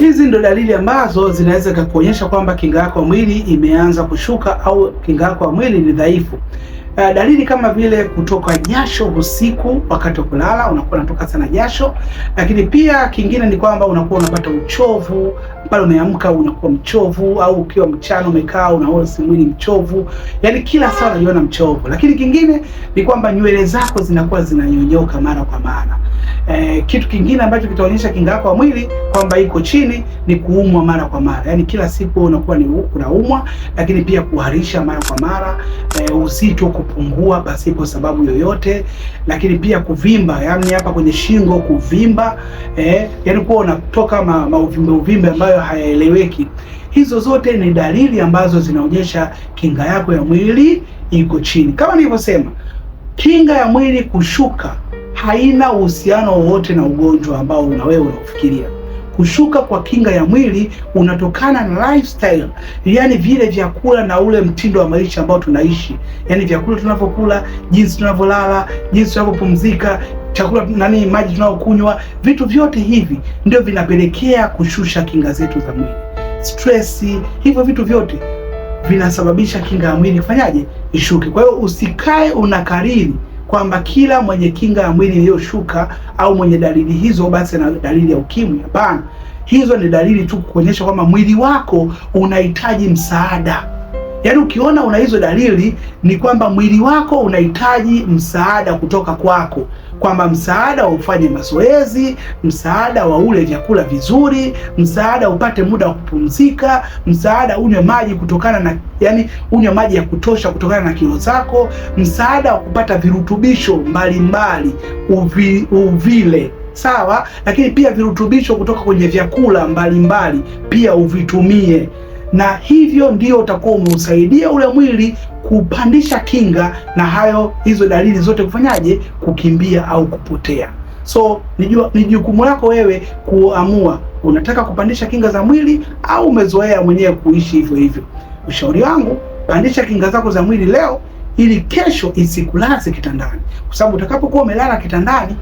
Hizi ndo dalili ambazo zinaweza kukuonyesha kwamba kinga yako ya mwili imeanza kushuka au kinga yako ya mwili ni dhaifu. Uh, dalili kama vile kutoka jasho usiku wakati wa kulala, unakuwa unatoka sana jasho. Lakini pia kingine ni kwamba unakuwa unapata uchovu pale umeamka unakuwa mchovu, au ukiwa mchana umekaa unaona mwili mchovu, yani kila saa unajiona mchovu. Lakini kingine ni kwamba nywele zako zinakuwa zinanyonyoka mara kwa mara eh, kitu kingine ambacho kitaonyesha kinga yako ya mwili kwamba iko chini ni kuumwa mara kwa mara, yaani kila siku unakuwa ni unaumwa, lakini pia kuharisha mara kwa mara eh, uzito kupungua pasipo sababu yoyote, lakini pia kuvimba, yaani hapa kwenye shingo kuvimba, eh, yaani kuwa unatoka ma, uvimbe ambayo hayaeleweki. Hizo zote ni dalili ambazo zinaonyesha kinga yako ya mwili iko chini. Kama nilivyosema, kinga ya mwili kushuka haina uhusiano wowote na ugonjwa ambao una wewe unaofikiria. Kushuka kwa kinga ya mwili unatokana na lifestyle, yani vile vyakula na ule mtindo wa maisha ambao tunaishi, yani vyakula tunavyokula, jinsi tunavyolala, jinsi tunavyopumzika chakula nani, maji tunayokunywa, vitu vyote hivi ndio vinapelekea kushusha kinga zetu za mwili. Stress, hivyo vitu vyote vinasababisha kinga ya mwili kufanyaje, ishuke. Kwa hiyo usikae unakariri kwamba kila mwenye kinga ya mwili iliyoshuka au mwenye dalili hizo basi ana dalili ya ukimwi. Hapana, hizo ni dalili tu kuonyesha kwamba mwili wako unahitaji msaada. Yaani ukiona una hizo dalili ni kwamba mwili wako unahitaji msaada kutoka kwako, kwamba msaada wa ufanye mazoezi, msaada wa ule vyakula vizuri, msaada upate muda wa kupumzika, msaada unywe maji kutokana na yani, unywe maji ya kutosha kutokana na kilo zako, msaada wa kupata virutubisho mbalimbali uvi, uvile sawa, lakini pia virutubisho kutoka kwenye vyakula mbalimbali mbali, pia uvitumie na hivyo ndio utakuwa umeusaidia ule mwili kupandisha kinga na hayo hizo dalili zote kufanyaje, kukimbia au kupotea. So ni jukumu lako wewe kuamua unataka kupandisha kinga za mwili au umezoea mwenyewe kuishi hivyo hivyo. Ushauri wangu, pandisha kinga zako za mwili leo ili kesho isikulaze kitandani, kwa sababu utakapokuwa umelala kitandani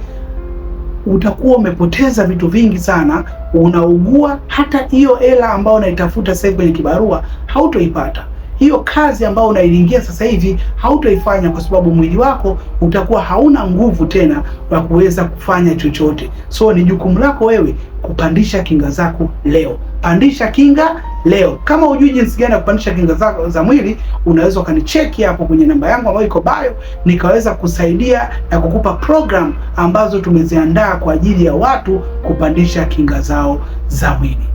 utakuwa umepoteza vitu vingi sana unaugua, hata hiyo hela ambayo unaitafuta sasa kwenye kibarua hautoipata hiyo kazi ambayo unailingia sasa hivi hautaifanya kwa sababu mwili wako utakuwa hauna nguvu tena wa kuweza kufanya chochote. So ni jukumu lako wewe kupandisha kinga zako leo. Pandisha kinga leo. Kama hujui jinsi gani ya kupandisha kinga zako za mwili, unaweza ukanicheki hapo kwenye namba yangu ambayo iko bio, nikaweza kusaidia na kukupa program ambazo tumeziandaa kwa ajili ya watu kupandisha kinga zao za mwili.